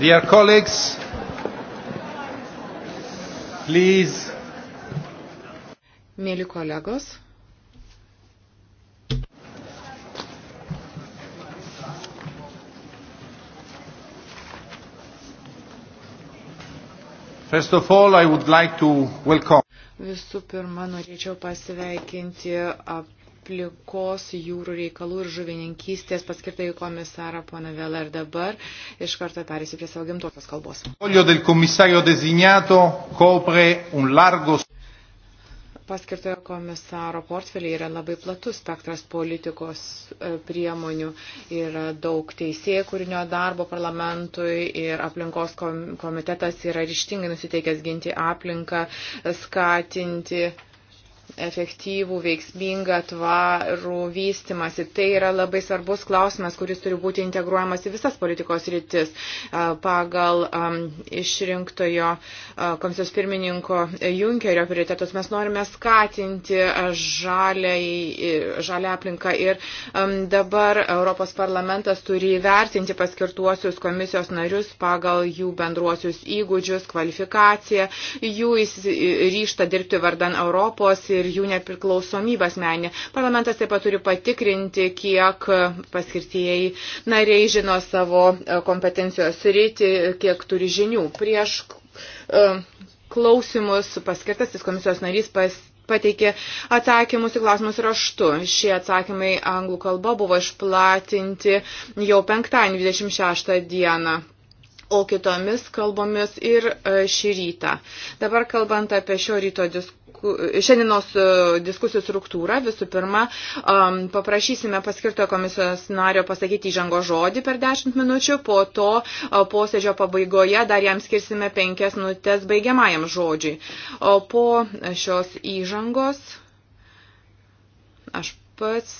Dear colleagues, please. Mėly kolegos. First of all, I would like to welcome. Visų pirma, norėčiau pasveikinti aplinkos jūrų reikalų ir žuvininkystės paskirtai komisarą poną Vėlą ir dabar iš karto perėsiu prie savo gimtosios kalbos. Paskirtojo komisaro portfeliai yra labai platus spektras politikos e, priemonių, yra daug teisėjų kūrinio darbo parlamentui ir aplinkos komitetas yra ryštingai nusiteikęs ginti aplinką, skatinti efektyvų, veiksmingą, tvarų vystimasi. Tai yra labai svarbus klausimas, kuris turi būti integruojamas į visas politikos rytis pagal išrinktojo komisijos pirmininko Junkerio prioritetus. Mes norime skatinti žalę, žalę aplinką ir dabar Europos parlamentas turi įvertinti paskirtuosius komisijos narius pagal jų bendruosius įgūdžius, kvalifikaciją, jų ryštą dirbti vardan Europos ir ir jų nepriklausomybę asmenį. Parlamentas taip pat turi patikrinti, kiek paskirtieji nariai žino savo e, kompetencijos rytį, kiek turi žinių. Prieš e, klausimus paskirtasis komisijos narys pas pateikė atsakymus į klausimus raštu. Šie atsakymai anglų kalba buvo išplatinti jau penktadienį 26 dieną o kitomis kalbomis ir e, šį rytą. Dabar kalbant apie šio ryto diskusiją šiandienos e, diskusijų struktūrą. Visų pirma, paprašysime paskirtojo komisijos nario pasakyti įžengo žodį per 10 minučių, po to posėdžio pabaigoje dar jam skirsime 5 minutės baigiamajam žodžiui. O po šios įžangos aš pats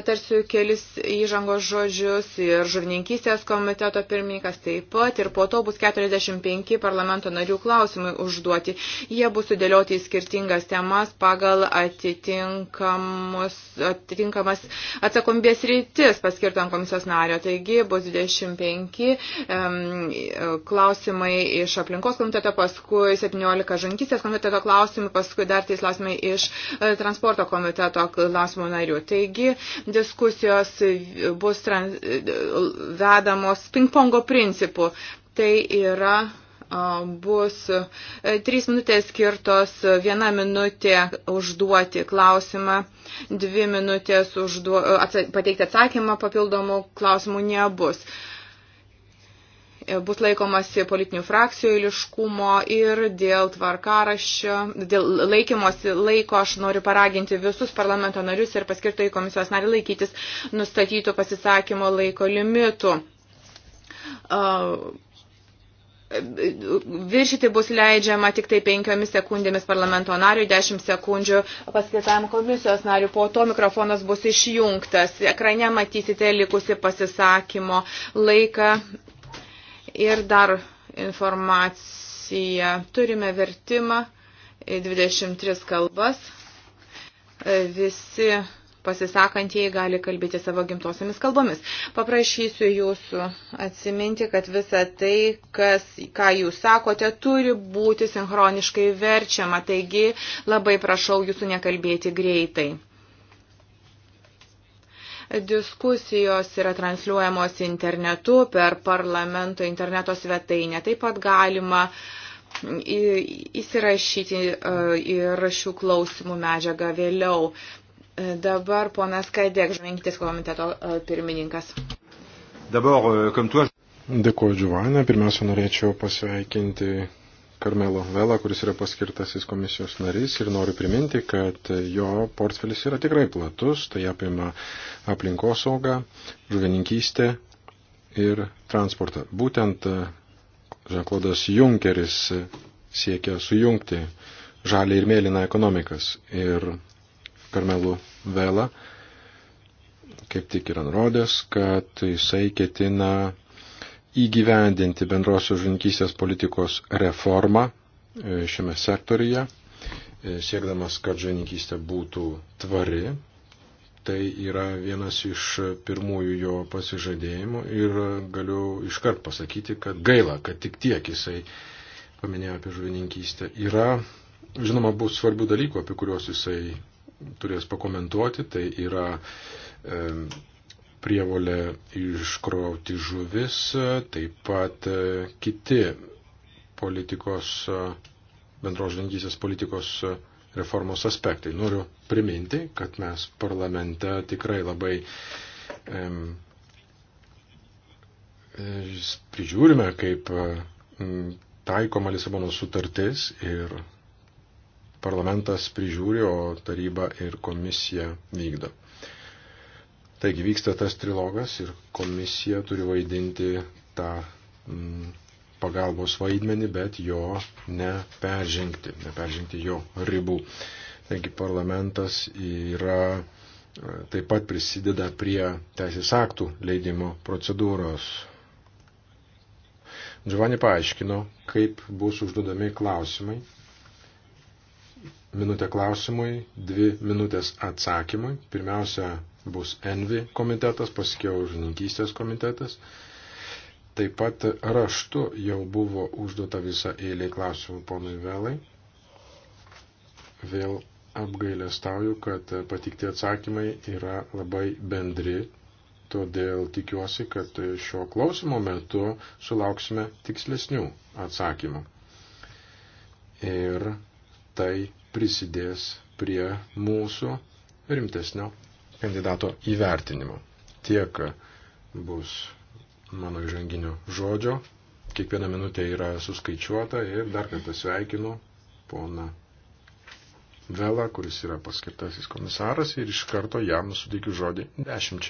tarsiu kelis įžangos žodžius ir žuvininkystės komiteto pirmininkas taip pat ir po to bus 45 parlamento narių klausimai užduoti. Jie bus sudėlioti į skirtingas temas pagal atitinkamas atsakomybės rytis paskirtam komisijos nario. Taigi bus 25 um, klausimai iš aplinkos komiteto, paskui 17 žuvininkystės komiteto klausimai, paskui dar tai klausimai iš e, transporto komiteto klausimų narių. Taigi, diskusijos bus trans, vedamos ping-pongo principu. Tai yra bus trys minutės skirtos, viena minutė užduoti klausimą, dvi minutės užduo, atsa, pateikti atsakymą, papildomų klausimų nebus. Uh, bus laikomasi politinių frakcijų iliškumo ir dėl tvarkaraščio, dėl laikymosi laiko aš noriu paraginti visus parlamento narius ir paskirtai komisijos narį laikytis nustatytų pasisakymo laiko limitų. Uh, viršyti bus leidžiama tik tai penkiomis sekundėmis parlamento nariui, dešimt sekundžių paskirtam komisijos nariui, po to mikrofonas bus išjungtas. Ekrane matysite likusi pasisakymo laiką Ir dar informacija. Turime vertimą į 23 kalbas. E, visi pasisakantieji gali kalbėti savo gimtosiamis kalbomis. Paprašysiu jūsų atsiminti, kad visa tai, kas, ką jūs sakote, turi būti sinchroniškai verčiama, taigi labai prašau jūsų nekalbėti greitai. Diskusijos yra transliuojamos internetu per parlamento interneto svetainę. Taip pat galima įsirašyti e, ir šių klausimų medžiagą vėliau. E, dabar ponas Kadek, žvengitis komiteto e, pirmininkas. Dabar, Dėkuoju, Džiuvanė. Pirmiausia, norėčiau pasveikinti Karmelo Vela, kuris yra paskirtasis komisijos narys ir noriu priminti, kad jo portfelis yra tikrai platus, tai apima aplinkosaugą, žuvininkystę ir transportą. Būtent e, Žanklodas Junkeris siekia sujungti žalį ir mėlyną ekonomikas ir Karmelu Vela kaip tik yra nurodęs, kad jisai ketina įgyvendinti bendrosios žininkystės politikos reformą e, šiame sektoriuje, e, siekdamas, kad žininkystė būtų tvari. Tai yra vienas iš pirmųjų jo pasižadėjimų ir galiu iškart pasakyti, kad gaila, kad tik tiek jisai paminėjo apie žuvininkystę. Yra, žinoma, bus svarbių dalykų, apie kuriuos jisai turės pakomentuoti, tai yra e, prievolė iškrauti žuvis, taip pat e, kiti politikos, e, bendros žvengysės politikos e, reformos aspektai. Noriu priminti, kad mes parlamente tikrai labai em, prižiūrime, kaip taikoma Lisabonos sutartis ir parlamentas prižiūri, o taryba ir komisija vykdo. Taigi vyksta tas trilogas ir komisija turi vaidinti tą mm, pagalbos vaidmenį, bet jo neperžengti, neperžengti jo ribų. Taigi parlamentas yra e, taip pat prisideda prie teisės aktų leidimo procedūros. Giovanni paaiškino, kaip bus užduodami klausimai. Minutė klausimui, dvi minutės atsakymui. Pirmiausia, bus Envi komitetas, paskiau žininkystės komitetas. Taip pat raštu jau buvo užduota visa eilė klausimų ponui Velai. Vėl apgailestauju, kad patikti atsakymai yra labai bendri, todėl tikiuosi, kad šio klausimo metu sulauksime tikslesnių atsakymų. Ir tai prisidės prie mūsų rimtesnio kandidato įvertinimo. Tiek bus mano įžanginio žodžio. Kiekviena minutė yra suskaičiuota ir dar kartą sveikinu poną Vela, kuris yra paskirtasis komisaras ir iš karto jam suteikiu žodį 10